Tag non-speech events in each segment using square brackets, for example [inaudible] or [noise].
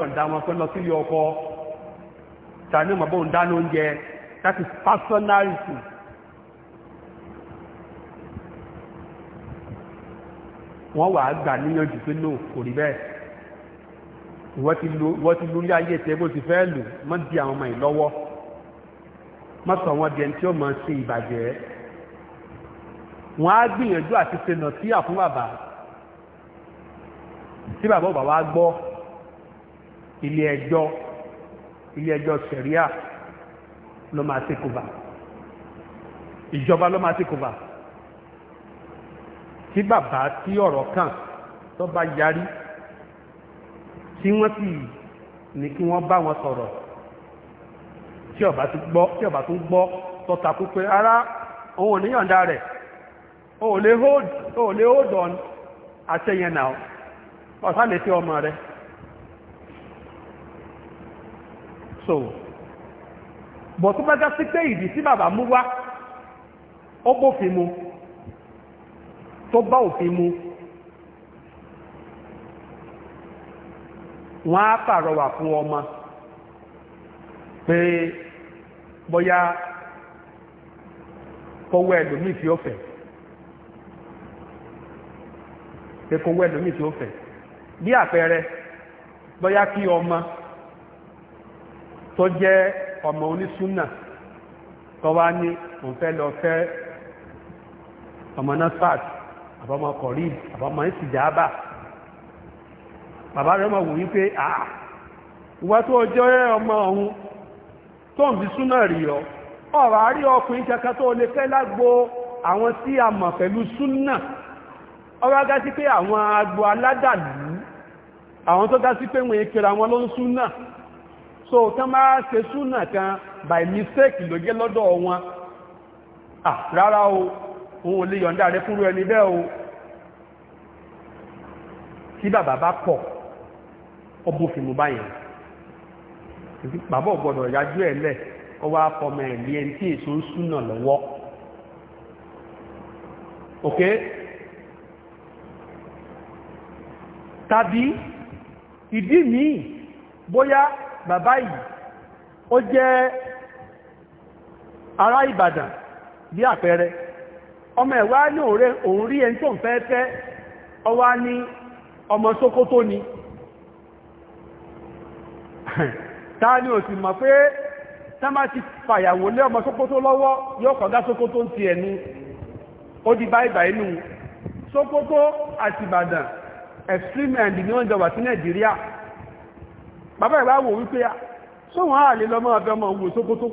that is personality wọ́n wà á gbà níyànjú pé no kò rí bẹ́ẹ̀ ìwọ́n ti lórí ayé tẹ́ bó ti fẹ́ lò mọ́ di àwọn ọmọ yìí lọ́wọ́ mọ́ sọ wọn di ẹni tí ó mọ̀ ṣe ìbàjẹ́ wọ́n á gbìyànjú àti ṣe nà síyà bàbá tí bàbá ò gbọ́ ilé ẹjọ́ ilé ẹjọ́ sẹ̀ríà ló máa take over ìjọba ló máa ti over tí bàbá tí ọ̀rọ̀ kàn tó bá yarí tí wọ́n sì ní kí wọ́n bá wọn sọ̀rọ̀ tí ọba tún gbọ́ tí ọba tún gbọ́ ara òun ò níyànda rẹ̀ o ò lè hold on àtẹ̀yẹn náà ọ̀sán lè fi ọmọ rẹ̀ so bọ̀ tó sí pé ìdí tí bàbá mú wá ó bófin tó bá wọ́n á pàrọwà fún ọmọ pé k'ọwa kọwọ́ ẹlòmíì tí ó fẹ́ pé kọwọ́ tí ó kí ọmọ tó jẹ́ ọmọ onísúnà tó wá ní ọmọ nasfat àbọ̀mọ kọ̀rí ìsìjàábà bàbá rẹ̀ mọ̀ wò wípé àà ìwà tó ọjọ́ ọmọ ọ̀hun tó ń fi súnà rí ọ ọ̀rọ̀ àárí ọkùnrin kankan tó lè fẹ́ lágbo àwọn tí a mọ̀ pẹ̀lú súnà agá sí pé àwọn agbo aládàlú àwọn tó gá sí pé wọ́n so tán bá ṣe súnà kan by mistake ló jẹ́ lọ́dọ̀ wọn ah rárá o òun ò lè yọ̀ǹda rẹ fúnrú ẹni bẹ́ẹ̀ o tí bàbá bá kọ̀ ọbúfin mú báyẹn bàbá ọ̀gbọ̀dọ̀ yájú ẹ̀ lẹ̀ kọ́ wá fọmọ ẹ̀lí ẹni tí èso ń súnà lọ́wọ́ ok tàbí ìdí míì bóyá bàbá yìí ó jẹ́ ará Ìbàdàn bí àpẹẹrẹ ọmọ ẹ̀wá ní òun rí ẹni tó ń fẹ́ fẹ́ ọwá ní ọmọ Sókótó ni [laughs] ta ni ò sì mọ̀ pé tá má ti fàyàwó lé ọmọ Sókótó lọ́wọ́ yóò kọ̀gá Sókótó ti ẹ̀nu ó di báìbà inú Sókótó àti Ìbàdàn extreme end ni wọ́n jọ wà sí Nàìjíríà bàbá ìwà wò wípé sóhun ààrẹ lọ máa bẹ ọmọ òun sókótó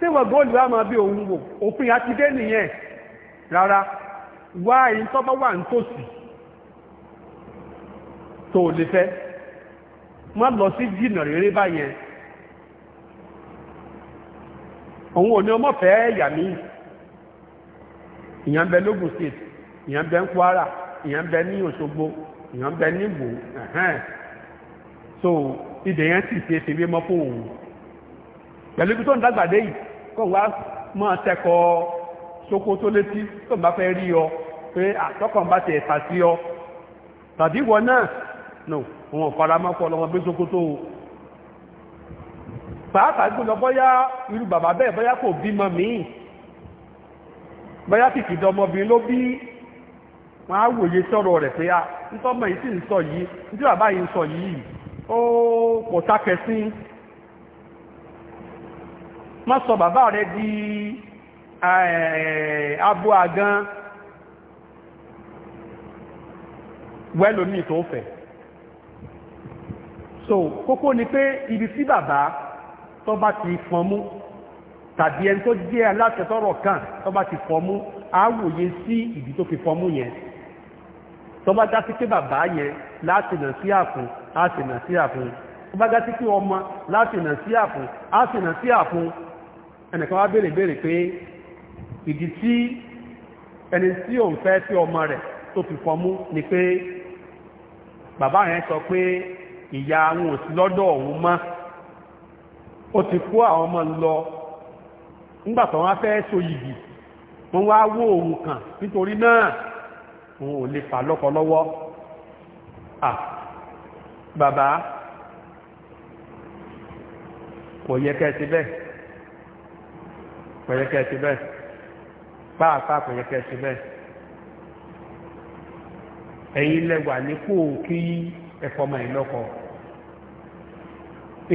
tí wọ́n góòlù wá máa bí òun wò òpin àti dé nìyẹn rárá wá èyí tó bá wà nítòsí tó lè fẹ́ má lọ sí jìnà rere báyẹn òun ò ní ọmọ fẹ́ ẹ̀yà mi ìyàn bẹ lógùn state ìyàn bẹ ń Kwara ìyàn bẹ ní Òṣogbo ìyàn bẹ ní Ìwó ẹ̀hẹ́n so ibẹ̀ yẹn sì ṣe ṣe wé mọ́ fún òun pẹ̀lú ibi tó ń dàgbà dé yìí kó wá máa tẹ́kọ̀ọ́ ṣòkòtò létí tó ń bá fẹ́ rí ọ pé àtọ́kàn bá ti ẹ̀ta sí ọ tàbí ìwọ náà no wọn fara mọ́ pọ̀ lọ́wọ́ gbé ṣòkòtò o pàápàá gbọ́dọ̀ bọ́yá irú bàbá bẹ́ẹ̀ bọ́yá kò bímọ míì bọ́yá kìkì dọmọbìnrin ló bí wọn á wòye sọ̀rọ̀ rẹ̀ pé a ń tọ́mọ yìí sì ń sọ yìí ń tí bàbá yìí ń sọ yìí ó kò takẹ̀ sí má sọ bàbá rẹ̀ di eh, abo àgán wẹ́lòmí tó fẹ́ so kókó ni pé ibi tí bàbá tó bá ti fọn mú tàbí ẹni tó jẹ́ aláṣẹ tọ́rọ̀ kan tó bá ti fọn mú á wòye sí ibi tó fi fọn yẹn tó bá dá sí pé bàbá yẹn láti nà sí àfún á sì nà sí àfún ó bá gá títí ọmọ láti nà sí àfún á sì nà sí àfún ẹnìkan wá béèrè béèrè pé ìdí tí ẹni tí òun fẹ́ sí ọmọ rẹ̀ tó fi fọmú ni pé bàbá yẹn sọ pé ìyá àwọn òsì lọ́dọ̀ òun mọ́ ó ti kó àwọn ọmọ lọ nígbà wọ́n fẹ́ so yìgì wọ́n wá wó òun kàn nítorí náà òun ò lè fà lọ́kọ à ah, bàbá kò yẹ kẹ́ ti bẹ́ẹ̀ kò yẹ kẹ́ ti bẹ́ẹ̀ pàápàá kò yẹ kẹ́ ti bẹ́ẹ̀ ẹ̀yin lẹ́wà ní kó kí ẹ̀fọ́mọ ìlọ́kọ̀ọ́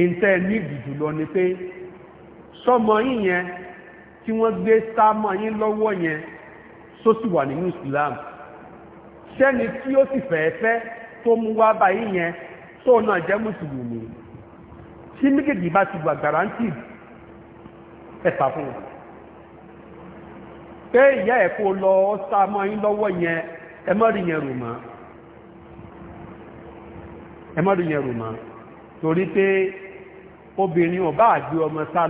ìntẹ́ níbi jùlọ ni pé sọmọ yín yẹn tí wọ́n gbé sámọ yín lọ́wọ́ yẹn só sì wà nínú Islam sẹ́ni tí ó sì fẹ́ẹ́ fẹ́ tó mú wá báyìí yẹn tó náà jẹ́ mùsùlùmí tí méjèèjì bá ti wà guarantee ẹ̀fà fún pé ìyá ẹ̀ kó lọ ọ́sá mọ́ yín lọ́wọ́ yẹn ẹ pé obìnrin bá ọmọ sá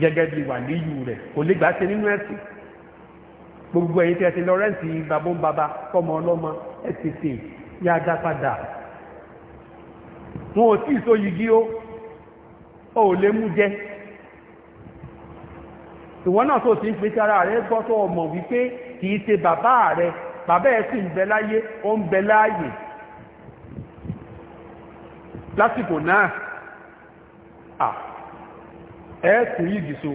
gẹ́gẹ́ bí wàlíyù rẹ̀ kò lè gbà ṣe nínú ẹ̀sìn gbogbo ẹ̀yin tí ẹ ti babó baba kọ́mọ ọlọ́mọ ẹ ti sè yá dá padà wọn ò tí ì so yigi ó ó ò lè mú jẹ ìwọ náà tó ti ń pèsè ara rẹ gbọ́ tó ọmọ wípé kì í ṣe bàbá rẹ bàbá ẹ sì ń bẹ láyé ó ń bẹ láàyè lásìkò náà ẹ̀ẹ́kù yìí gìso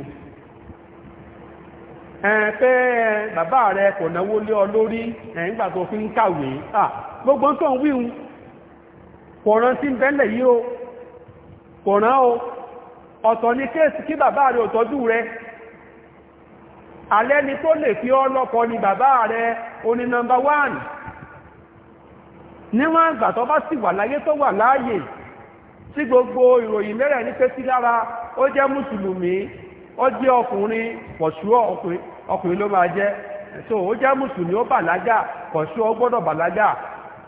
ẹ̀ẹ́fẹ́ bàbá rẹ̀ kò náwó lé ọ lórí ẹ̀yìngbà tó fi ń kàwé gbogbo tó ń wíhun kò rán bẹ́lẹ̀ yìí o kò o ọ̀tọ̀ ni kéèsì kí bàbá rẹ̀ ò tọ́jú alẹ́ ni tó lè fi ọlọ́kọ ni bàbá rẹ̀ oní nọmbà wáàni níwọ̀n àgbà bá sì wà láyé tó wà láàyè tí gbogbo ìròyìn mẹ́rẹ̀ ní sí lára ó jẹ́ mùsùlùmí ó jẹ́ ọkùnrin pọ̀ṣúọ̀ ọkùnrin ló máa jẹ́ so ó jẹ́ mùsùlùmí ó bàlágà pọ̀ṣúọ̀ gbọ́dọ̀ bàlágà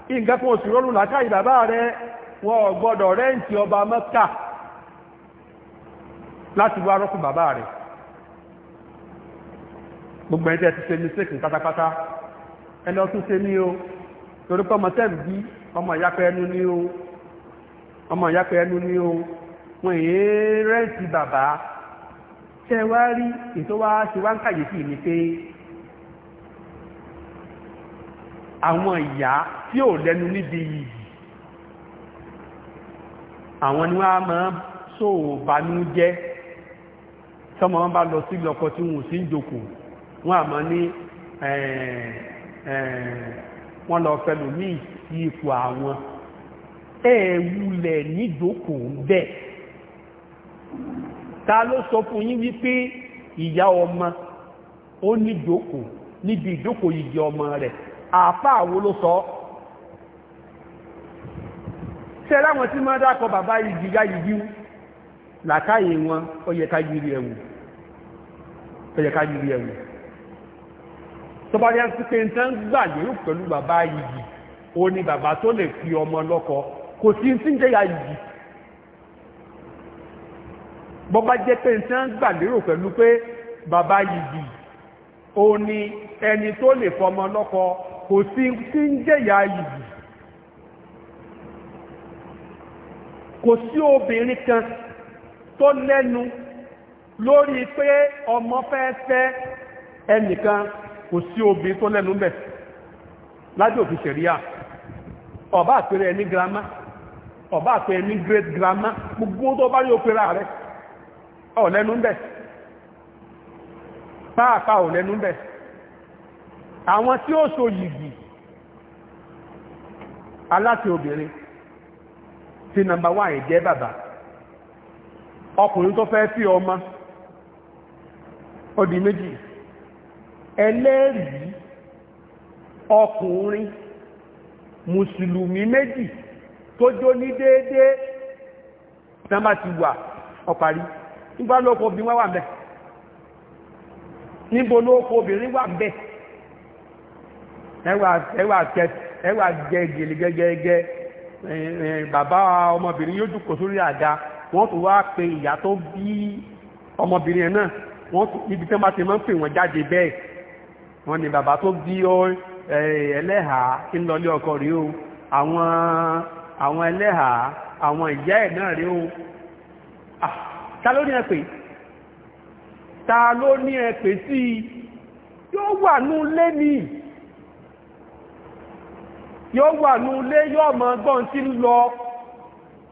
nǹkan kan oṣù rọrùn látàrí bàbá rẹ wọn ò re rẹ́ǹtì ọba mẹ́kà láti wá rọ́kùn bàbá rẹ̀ gbogbo ẹ̀jẹ̀ ti se mistake pátápátá ẹni ọtún ṣe ní o torí pé bí ọmọ ìyápẹ́ ẹnu ní o ọmọ ìyápẹ́ ẹnu ní o wọn èé rẹ́ǹtì bàbá tẹ́ wá rí ètò wá ṣe wá ń kàyèsí ni pé àwọn ìyá tí ò lẹ́nu níbi yìí àwọn ni wọ́n á máa sóòbánú jẹ́ sọmọ wọn bá lọ sí lọ́kọ tí wọn ò sí ìjòkó wọn àmọ́ ní wọ́n lọ fẹ́lò ní ìsí àwọn ẹ̀ẹ̀wulẹ̀ níjòkó bẹ́ẹ̀ ta ló sọ fún wípé ìyá ọmọ ó ní ìjókòó níbi ìjókòó ọmọ rẹ̀ àáfà àwo ló sọ ṣe láwọn tí máa dákọ bàbá igi yá igi làkáyè wọn ó yẹ ká yiri ẹ̀wù ó yẹ ká yiri ẹ̀wù tó bá yẹn ń tán gbà ọmọ lọ́kọ kò sí ń tí ń bọ́ bá jẹ́ pé nǹkan gbà lérò pẹ̀lú pé bàbá yìí ó ní ẹni tó lè fọmọ lọ́kọ kò sí tí ń jẹ̀yà yìí kò sí obìnrin kan tó lẹ́nu lórí pé ọmọ fẹ́ fẹ́ ẹnìkan kò sí obìnrin tó lẹ́nu bẹ̀ lájò fi ṣẹ̀ríà ọba àpẹẹrẹ ẹni girama ọba àpẹẹrẹ ẹni great girama gbogbo tó bá rí òpèrà rẹ̀ ọ̀ lẹ́nu ń bẹ̀ pàápàá ò lẹ́nu ń bẹ̀ àwọn tí ó so yìgì aláti obìnrin tí nàmbà wà ìjẹ́ bàbá ọkùnrin tó fẹ́ fi ọmọ ó di méjì ẹlẹ́rìí ọkùnrin mùsùlùmí méjì tó jó ní déédéé nàmbà ti wà ó nígbà lóòkó obìnrin wà bẹ̀ níbo lóòkó obìnrin wà bẹ̀ ẹwà jẹ gẹ̀lẹ́gẹ́gẹ́ bàbá ọmọbìnrin yóò jùkò sórí àga wọ́n tún wá pe ìyá tó bí ọmọbìnrin ẹ̀ náà wọ́n ibi tẹ́ bá ti máa ń pè wọ́n jáde bẹ́ẹ̀ wọ́n ní bàbá tó bí ẹlẹ́hàá kí ń lọlé ọkọ rí o àwọn ẹlẹ́hàá àwọn ìyá ẹ̀ náà rí o ah, ta ló ní ẹ pè ta ló ní ẹ pè sí yóò wà ní ilé ní yóò wà ní ilé yóò mọ gbọ́n tí ń lọ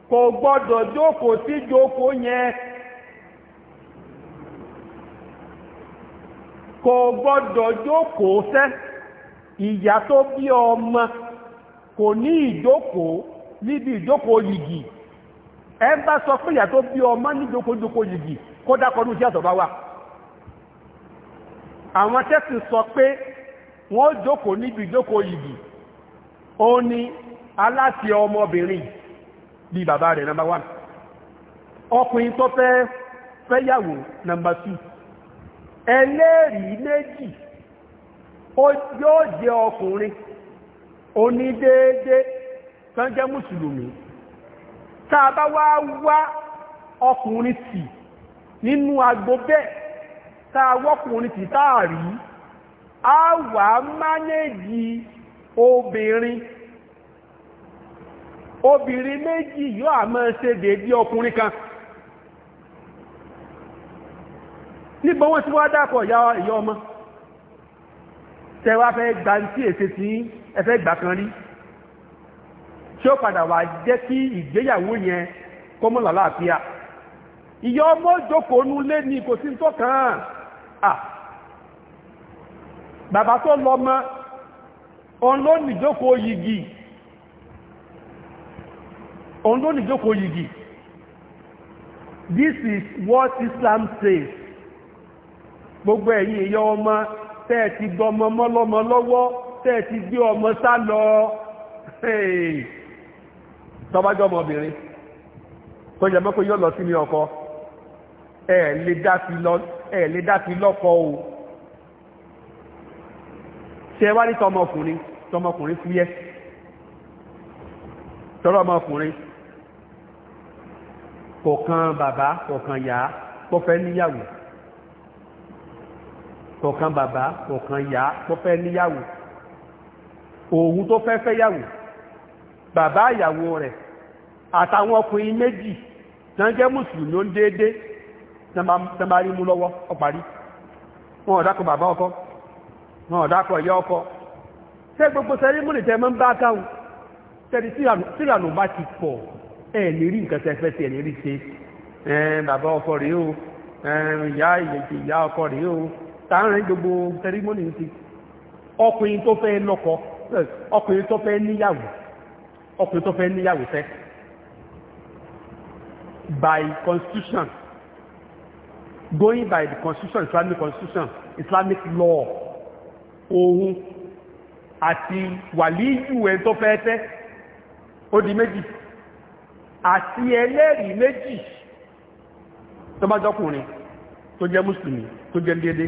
kò gbọ́dọ̀ jókòó sí jókòó yẹn kò gbọ́dọ̀ jókòó sẹ́ ìyá tó bí ọmọ kò ní ìjókòó níbi ìjókòó yìgì ẹ bá sọ pé ìyá tó bí ọmọ níjókòjókò yìí kódà kọdún sí àtọ̀ bá àwọn tẹ́sì sọ pé wọ́n jókòó níbi ìjókòó yìí ó ní aláti ọmọbìnrin bí bàbá rẹ̀ nàmbà wà ọkùnrin tó fẹ́ fẹ́yàwó nàmbà tù ẹlẹ́rìí méjì yóò ọkùnrin tá a wá wá ọkùnrin tì nínú agbo bẹ́ẹ̀ tá a wọ́kùnrin tì táàrí a wà mánéjì obìnrin obìnrin méjì yóò àmọ́ ṣe dèbí ọkùnrin kan nígbọ́n wọ́n tí wọ́n dápọ̀ ìyá ọmọ tẹ́wàá fẹ́ gbà tí èsè tí ẹfẹ́ gbà kan rí tí ó padà wá jẹ́ kí ìgbéyàwó yẹn kó mọ́ làlàáfíà ìyá ọmọ jókòó nulé ni kò sí tó kàn án à bàbá tó lọ mọ́ òun ló nìjókòó yìgì òun ló nìjókòó yìgì this is what Islam says gbogbo ẹ̀yin ìyá ọmọ tẹ́ẹ̀ ti gbọmọ mọ́lọ́mọ lọ́wọ́ tẹ́ẹ̀ ti gbé ọmọ sá lọ hey tọ́bájọ́ ọmọbìnrin tó jẹ́ mọ́kún yóò lọ sí ní ọkọ ẹ̀ lè dá sí lọ́kọ o ṣe wá ní tọmọkùnrin tọmọkùnrin fúyẹ́ tọ́rọ ọmọkùnrin kò kan bàbá kò kan yá kò fẹ́ níyàwó kò kan bàbá kò kan yá kò fẹ́ níyàwó òun tó fẹ́ fẹ́ yàwó bàbá ìyàwó rẹ̀ àtàwọn ọkùnrin méjì tán jẹ́ mùsùlùmí ó ń déédé tán bá rí mú lọ́wọ́ ọparí wọn ò dákọ̀ bàbá ọkọ wọn ò dákọ̀ ìyá ọkọ tẹ́ gbogbo sẹ́rímùnì tẹ́ mọ́ ń bá káhùn tẹ́rí sílànà bá ti pọ̀ ẹ̀ lè rí nǹkan tẹ́fẹ́ sí ẹ̀ lè rí ṣe o ìyá ìyẹ̀kì ìyá o tààrin gbogbo sẹ́rímùnì ti ọkùnrin tó fẹ́ lọ́kọ ọkùnrin tó ọkùnrin tó fẹ́ níyàwó fẹ́ by constitution going by the constitution islamic constitution islamic law ohun àti wàlíyù ẹ̀ tó fẹ́ tẹ́ ó di méjì àti ẹlẹ́rìí méjì tó bá jọkùnrin tó jẹ́ mùsùlùmí tó jẹ́ dédé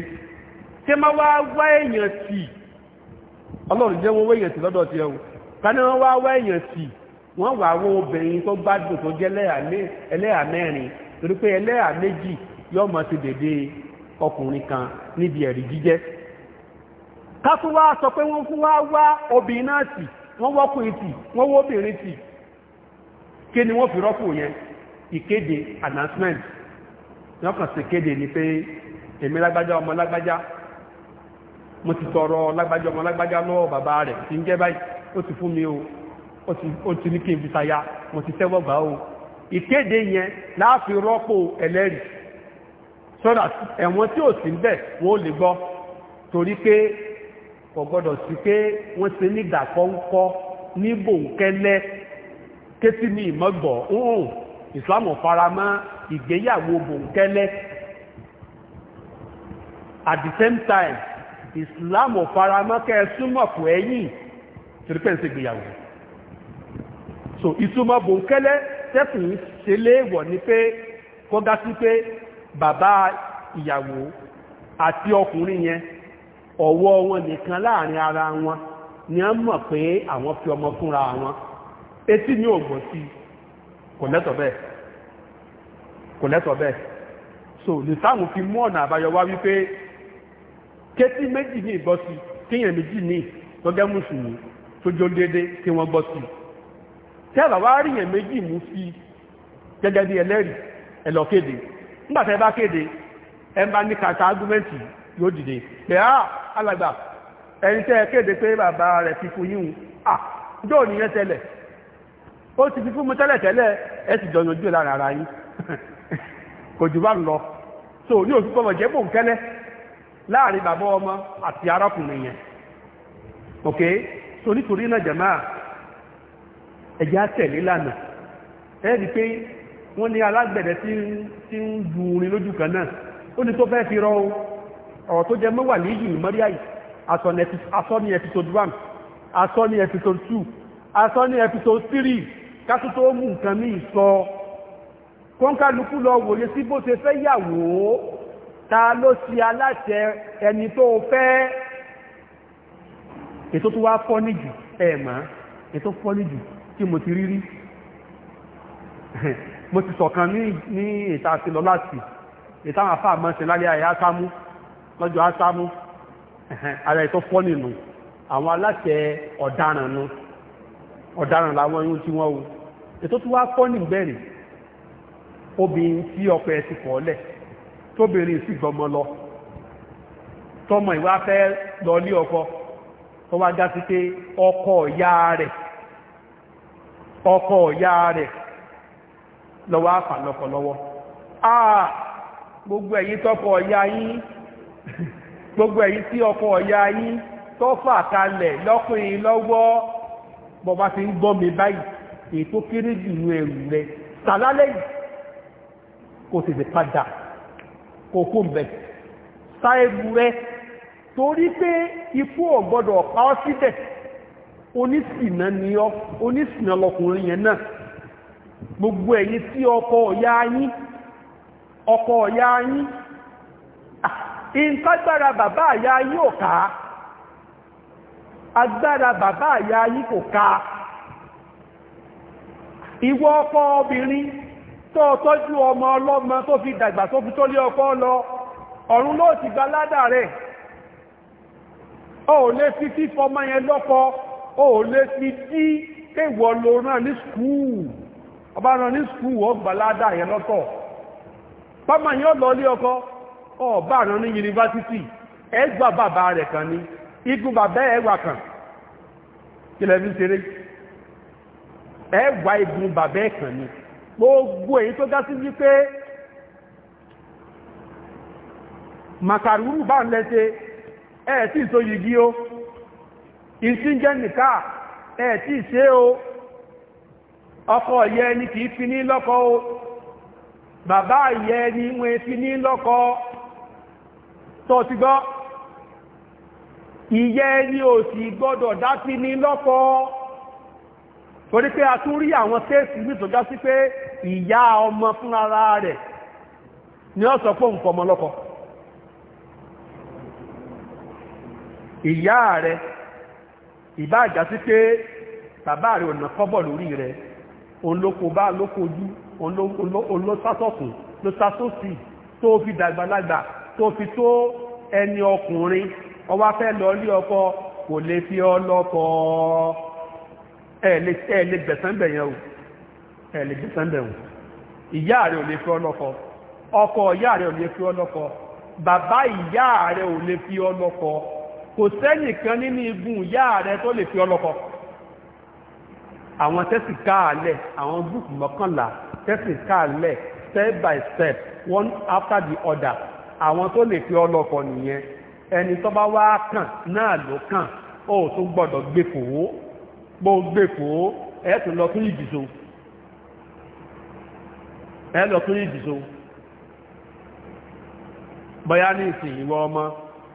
tí ma wá wá èèyàn sí ọlọ́run jẹ́ wọ́n wé èèyàn sí lọ́dọ̀ tí ẹwù ká wá wá èèyàn sí wọ́n wà wọ obìnrin tó gbádùn tó jẹ́ ẹlẹ́yà mẹ́rin torí pé ẹlẹ́yà méjì yóò mọ̀ sí dédé ọkùnrin kan níbi ẹ̀rí jíjẹ́ ká sọ pé wọ́n fún wá wá obìnrin náà tì wọ́n wọ́kùnrin tì wọ́n kí ni wọ́n fi rọ́pò yẹn ìkéde announcement wọ́n kàn sí èmi lágbájá ọmọ lágbájá mo ti tọrọ lágbájá ọmọ lágbájá lọ́wọ́ bàbá rẹ̀ tí ń jẹ́ fún mi o ó ti ní kí n fi tayá mo ti tẹ́wọ́ gbà ó ìkéde yẹn láàfi rọ́pò ẹlẹ́rìí sọ́dà ẹ̀wọ̀n tí ò sí bẹ̀ wọ́n lè gbọ́ torí pé kò gbọ́dọ̀ sí pé wọ́n ti ní ìdàkọ́ńkọ́ ní bòńkẹ́lẹ́ kétí ní ìmọ̀gbọ̀ ń Islam faramọ́ ìgbéyàwó bòńkẹ́lẹ́ at the same time Islam faramọ́ kẹ́ súnmọ̀ fún ẹ̀yìn tìrìpẹ́ǹsì ìgbéyàwó so ìtumọ̀ bòńkẹ́lẹ́ tẹ́sìn ṣe léèwọ̀ ni pé kọ́gá sí pé bàbá ìyàwó àti ọkùnrin yẹn ọ̀wọ́ wọn nìkan láàrin ara wọn ni a mọ̀ pé àwọn fi ọmọ fúnra wọn etí ní ògbọ̀n sí kò lẹ́tọ̀ bẹ́ẹ̀ so lùsáàmù fi mú ọ̀nà àbáyọ wá wípé kétí méjì ní ìgbọ́ sí kíyàn méjì ní gọ́gẹ́ mùsùlùmí tó jó déédé kí wọ́n gbọ́ sí i tí àbá wá rí yẹn méjì mú sí gẹ́gẹ́ bí ẹlẹ́rìí ẹ kéde nígbà kéde ní kàtà yóò dìde á alàgbà ẹni tẹ́ kéde pé bàbá rẹ̀ ti fún yíhun à yóò ní tẹ́lẹ̀ ó ti fi fún mi tẹ́lẹ̀ tẹ́lẹ̀ ẹ jọ yanjú lára ara yín [laughs] so ní jẹ́ láàrin bàbá ọmọ àti arákùnrin yẹn ok so nítorí náà jẹ̀máà ẹ̀já tẹ̀lé lánàá ẹ̀ẹ́dì pé wọ́n ní alágbẹ̀dẹ tí ń du orin lójú kan náà ó ní tó fẹ́ fi rọ ọ̀rọ̀ tó jẹ mọ́wà ní yìí mọ́rí àyè asọ́ ní episode one asọ́ ní episode two asọ́ episode three kásù tó mú nǹkan ní ìsọ kọ́ńkálukú lọ wòye sí bó ṣe fẹ́ yàwó ta ló ṣe aláṣẹ ẹni tó fẹ́ ètò tó wá fọ́ níjù ẹ̀ẹ̀mà ètò fọ́ níjù tí mo ti rí rí mo ti sọ̀kan ní ní ìta ti lọ láti ìta àwọn afá àmọ́ ṣe lálẹ́ ayé ásámú lọ́jọ́ ásámú ara ìtọ́ fọ́ nínú àwọn aláṣẹ ọ̀daràn nu ọ̀daràn làwọn ohun tí wọ́n wo ètò tí wọ́n á fọ́ ní ìgbẹ́rẹ̀ obìnrin tí ọkọ ẹ ti kọ́ lẹ̀ tóbìnrin sì gbọmọ lọ tọmọ ìwà fẹ́ lọ lé ọkọ tó wá já sí pé ọkọ ìyá rẹ̀ ọkọ ọ̀yá rẹ̀ lọ́wọ́ àfà lọ́kọ̀ lọ́wọ́ A gbogbo èyí tọ́kọ ọ̀yá yín [laughs] gbogbo èyí tí ọkọ ọ̀yá yín tó fà kalẹ̀ lọ́kùnrin lọ́wọ́ bọba ti ń gbọ́ mi báyìí ètò kéré jù ní ẹrù rẹ̀ tàlálẹ̀ kò tètè padà kò kó mbẹ̀ sá rẹ̀ torí pé ikú ọ̀gbọ́dọ̀ pa ọ́ síbẹ̀ onísìnà ni ọ onísìnà lọkùnrin yẹn náà gbogbo ẹ̀yin tí ọkọ ọ̀yá yín ọkọ ọ̀yá yín ìntágbára bàbá àyá yín ò ká agbára bàbá àyá yín kò ká ìwọ ọkọ obìnrin tó tọ́jú ọmọ ọlọ́mọ tó fi dàgbà tó fi tó lé ọkọ lọ ọ̀run ló ti gba ládà rẹ̀ o lè fi fífọ́ ọmọ yẹn lọ́kọ̀ọ́ ó lé ti dí èwọ̀ ló náà ní skúù ọba náà ní skúù ládà lọ́tọ̀ pàmà ọkọ ọba náà ní yunifásitì ẹgbà bàbá rẹ̀ kan ní igun bàbá ẹwà kan kílẹ̀ fi ṣeré ẹwà igun bàbá kan ní gbogbo èyí tó dá sí wípé màkàrúrù bá ń ìsìn jẹ́ nìká ẹ̀ tí ṣe o ọkọ ìyẹ ẹni fi ní o bàbá ìyẹ ẹni wọ́n fi ní lọ́kọ tó ti gbọ́ ìyẹ ẹni ò sì gbọ́dọ̀ dá ti ní lọ́kọ torí pé a tún ni ó sọ ìbá àjá sí pé bàbá rẹ̀ ọ̀nà kọ́bọ̀ lórí rẹ̀ òun ló kó bá ló kojú òun ló sásọ̀kùn ló sásòsì tó fi dàgbàlagbà tó fi tó ẹni ọkùnrin ó wá fẹ́ lọ lé ọkọ kò lè fi ọ lọ́kọ ẹ̀ẹ́lẹ́ gbẹ̀sán bẹ̀yẹn o ẹ̀ẹ́lẹ́ gbẹ̀sán bẹ̀yẹn ìyá rẹ̀ ò lè fi ọ lọ́kọ ọkọ ìyá rẹ̀ ò lè fi ọ lọ́kọ bàbá ìyá rẹ̀ ò lè fi ọ lọ́kọ kò sẹ́nìkan nínú igun ìyá rẹ tó lè fi ọlọ́kọ àwọn tẹ́sì káàlẹ̀ àwọn gúùpù mọ́kànlá tẹ́sì káàlẹ̀ step by step one after the other àwọn tó lè fi ọlọ́kọ nìyẹn ẹni tó bá wá kàn náà ló kàn ó tún gbọ́dọ̀ gbé fòó bó gbé fòó ẹ̀ tún lọ fún ìdìso ẹ̀ ní ìsìn ìwọ ọmọ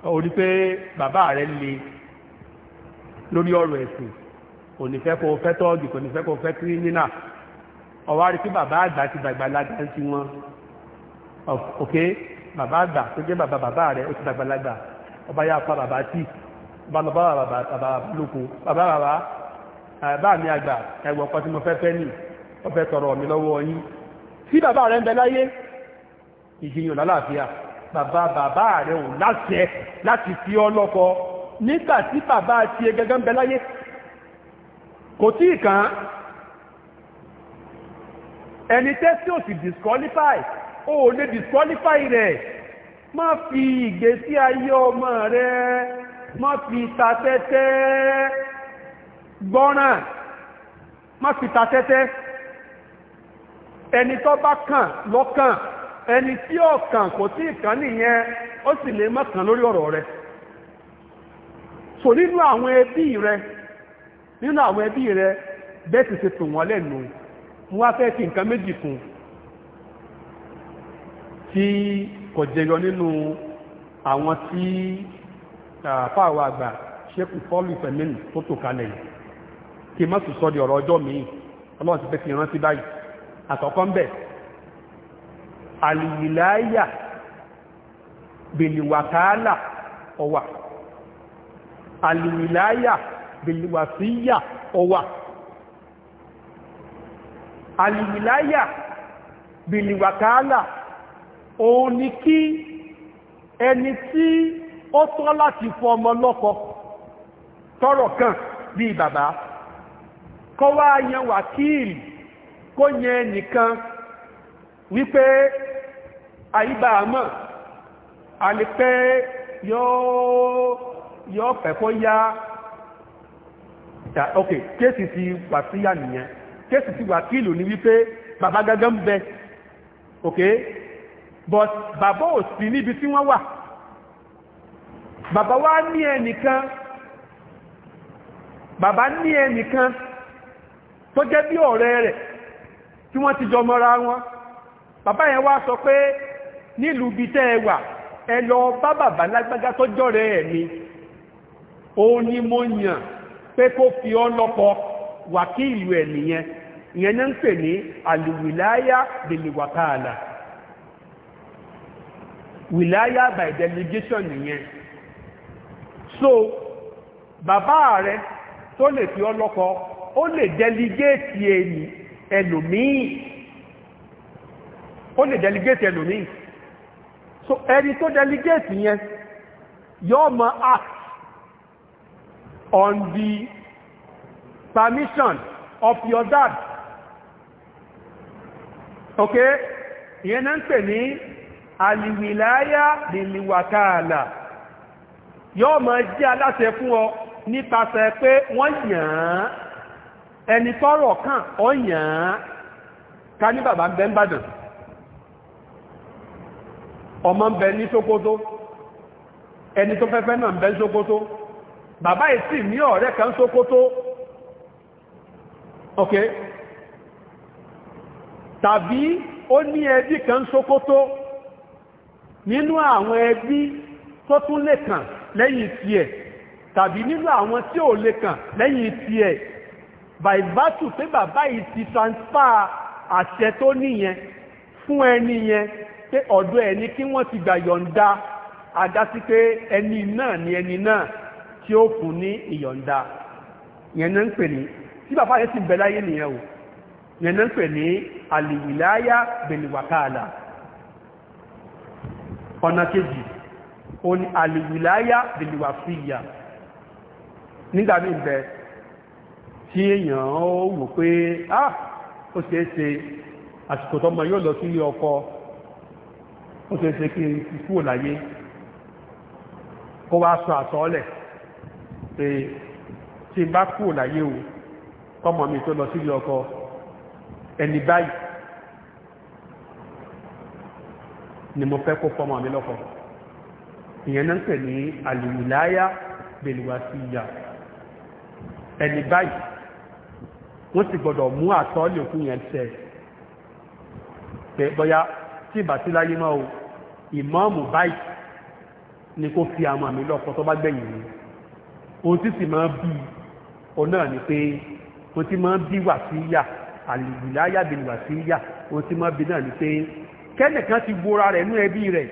ó rí pé bàbá rẹ̀ le lórí ọ̀rọ̀ ẹ̀sìn kò ní fẹ́ kó fẹ́ tọ́ọ̀gì kò ní fẹ́ kó fẹ́ kírímínà ọwá rí pé bàbá àgbà ti dàgbàlagbà ń ti wọn ok bàbá àgbà tó jẹ́ bàbá bàbá rẹ̀ ó ti dàgbàlagbà ọba yà pa bàbá tí bá lọ bá bàbá lóko bàbá bàbá bàbá mi àgbà ẹ̀wọ̀n kan tí mo fẹ́ fẹ́ nì ó fẹ́ tọrọ mi lọ́wọ́ yín tí bàbá rẹ̀ ń bẹ láyé ìjiyàn lálàáfíà bàbá bàbá rẹ̀ ò láṣẹ láti fi ọ́ lọ́kọ nígbà tí bàbá ti gẹ́gẹ́ ń bẹ láyé kò tí ìkàn ẹni tẹ́ tí ò sì disqualify ó lè disqualify rẹ̀ má fi ìgbésí ayé ọmọ rẹ̀ má fi tatẹ́tẹ́ gbọ́ràn má fi tatẹ́tẹ́ ẹni tó bá kàn lọ́kàn ẹni tí kàn kò tí ìkan nìyẹn ó sì lè lórí ọ̀rọ̀ rẹ̀ so nínú àwọn ẹbí rẹ nínú àwọn ẹbí rẹ bẹ́ẹ̀ ti ṣe tò wọ́n lẹ́nu mo wá fẹ́ kí méjì tí kò jẹyọ nínú àwọn tí fáwọn àgbà ṣékù fọ́ọ̀lù ìfẹ̀mẹ́nì tó tò kalẹ̀ yìí kí má mi ọlọ́run ti rántí báyìí ń àlìyìláyà bèlìwàkálà ọwà àlìyìláyà bèlìwàsíyà ọwà àlìyìláyà bèlìwàkálà òun ni kí ẹni tí ó tọ́ láti fọ ọmọ lọ́kọ tọ́rọ̀ kan bíi bàbá kọ́ wá yan wákìlì kó yẹn nìkan wípé àyíbá àmọ́ àlèpẹ́ yóò pẹ̀kọ́ yá ok kéèsì ti wà sí yà nìyẹn kéèsì ti wà kílù ní wípé bàbá gẹ́gẹ́ ń bẹ ok but bàbá ò sí níbi tí wọ́n wà bàbá wá ní ẹnìkan bàbá ní ẹnìkan tó jẹ́ bí ọ̀rẹ́ rẹ̀ tí wọ́n ti jọ mọ́ra wọn bàbá yẹn wá sọ pé nílùú bí tẹ́ ẹ wà ẹ lọ bá bàbá lágbájá tọ́jọ́ rẹ̀ ẹ̀ ni òun ni mo yàn pé kó fi ọ́ lọ́pọ̀ wàkíìlú ẹ̀ nìyẹn ìyẹn ní ń pè ní àlùwìláyà bèlèwàkààlà wìláyà by delegation nìyẹn so bàbá rẹ tó lè fi ọ́ lọ́kọ ó lè delegate ẹlòmíì ó lè delegate ẹlòmíì so ẹni tó delegate yẹn yóò mọ act on the permission of your dad ok ìyẹn náà ń pè ní aliwilaya liliwakala yóò mọ jẹ́ aláṣẹ fún ọ nípasẹ̀ pé wọ́n yàn án ẹni tọ́rọ̀ kàn ọ yàn ká ní bàbá ń ọmọ ń bẹ ní Sókótó ẹni tó fẹ́fẹ́ náà ń bẹ ní Sókótó bàbá ìsì ní ọ̀rẹ́ kan Sókótó ok tàbí ó ní ẹbí kan Sókótó nínú àwọn ẹbí tó tún lè kàn lẹ́yìn tiẹ̀ tàbí nínú àwọn tí ò lè kàn lẹ́yìn tiẹ̀ by virtue pé bàbá yìí ti transfer àṣẹ tó níyẹn fún ẹni yẹn pé ọ̀dọ̀ ẹni kí wọ́n ti gbà yọ̀ǹda àdásí pé ẹni náà ni ẹni náà tí ó fún ní ìyọ̀ǹda yẹn náà ń pè ní tí bàbá yẹn ti bẹ̀ láyé nìyẹn o yẹn náà ń pè ní àlìwìláyà bèlìwàkàlà ọ̀nà kejì ó ní àlìwìláyà bèlìwàfíyà nígbà míì bẹ tí èèyàn ó wò pé ah ó ṣeé ṣe àsìkò tọmọ yóò lọ sílé ọkọ ó ṣe ṣe kí n kúrò láyé kó wá sọ àsọọ́lẹ̀ pé tí n bá kúrò láyé o kọ́mọ mi tó lọ sílé ọkọ ẹni báyìí ni mo fẹ́ kó fọ́mọ mi lọ́kọ ìyẹn náà ń pè ní àlùmìláyà bèlùwàsíyà ẹni báyìí wọ́n sì gbọ́dọ̀ mú àtọ́lẹ̀ òkú yẹn tẹ̀ pé bọ́yá tí ìbàtí láyé máa ìmáàmù báyìí ni kó fi àmọ́ mi lọ́kọ tó bá gbẹ̀yìn mi ohun tí sì máa bí ọ náà ni pé ohun tí máa bí wà sí yà àlìwìláyà bìnú wà sí yà ohun tí máa bí náà ni pé kẹ́nìkan ti gbora rẹ̀ nú ẹbí rẹ̀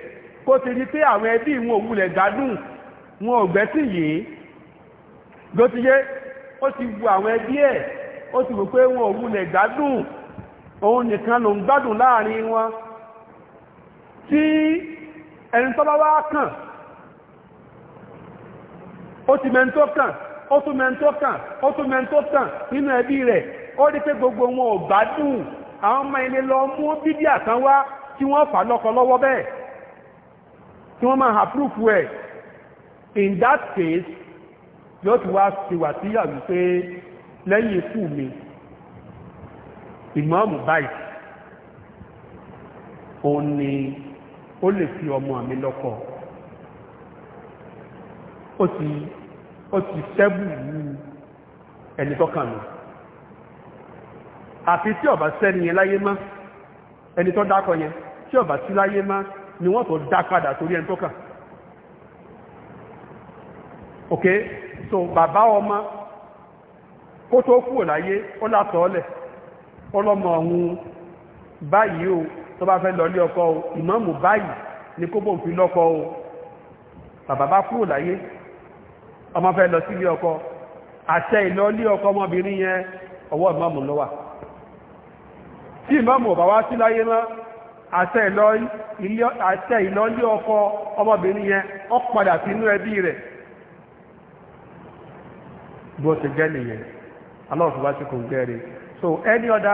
kó ti di pé àwọn ẹbí wọn ò wulẹ̀ gbádùn wọn ò gbẹ́sìn yìí ló ti yé ó ti wu àwọn ẹbí ẹ̀ ó ti wò pé wọn ò wulẹ̀ gbádùn òun nìkan ló ń gbádùn láàrin wọn tí ẹni tó bá wá kàn ó ti mẹ́ntó kàn ó tún mẹ́ntó kàn ó tún mẹ́ntó kàn nínú ẹbí rẹ̀ ó rí pé gbogbo wọn ò gbádùn àwọn ọmọ ilé lọ mú bídí àkàn wá tí wọ́n fà lọ́kọ lọ́wọ́ bẹ́ẹ̀ tí wọ́n máa àpúrùfù ẹ̀ in that case yóò ti wá ti wà sí yà wípé lẹ́yìn ikú mi ìmọ̀ọ́mù báyìí ó ní ó lè fi ọmọ mi lọ́kọ ó ti sẹ́bù ní ẹni tọ́kàn mi àfi tí ọba sẹ́ni yẹn láyé má ẹni tó dákọ yẹn tí ọba sí láyé má ni wọ́n tó dá padà torí ẹni tọ́kàn ok so bàbá ọmọ kó tó kúrò láyé ó látọ̀ọ́lẹ̀ tó bá fẹ́ lọ lé ọkọ o báyìí ni kó bò ń fi lọ́kọ o bàbá bá kúrò láyé ọmọ fẹ́ lọ sí ilé ọkọ àṣẹ ìlọ ọkọ ọmọbìnrin yẹn ọwọ́ ìmáàmù ló wà tí wá sí láyé àṣẹ ọkọ ọmọbìnrin yẹn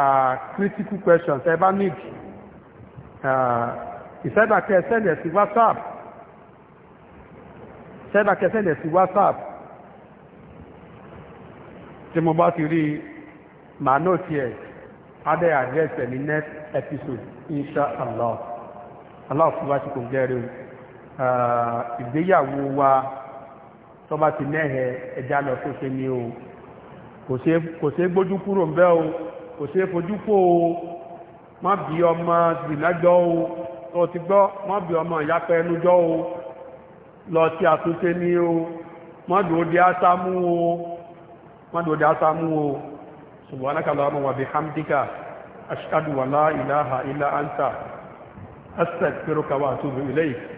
Uh, critical questions ẹ bá need uh, ìṣẹ́dàkẹ́ sẹ́ndẹ̀ sí WhatsApp ìṣẹ́dàkẹ́ sẹ́ndẹ̀ sí WhatsApp tí mo bá ti rí màá náà tiẹ̀ adé àdírẹ́sì ní next episode inshallah Allah fún wa ti kò gẹ́rẹ́ uh, ìgbéyàwó wa tó bá ti mẹ́hẹ̀ ẹja lọ tó ṣe ní o kò ṣe gbójú kúrò ń bẹ́ o kò ṣe é fojú kó o má bí ọmọ ìnájọ́ o tó ti gbọ́ má bí ọmọ ìyápẹ́ ẹnujọ́ o lọ sí àtúnṣe ní o má dòó di ásámú o má dòó di ásámú o subhanaka allahumma wa bihamdika ashhadu wa la ilaha illa anta astaghfiruka wa atubu ilayk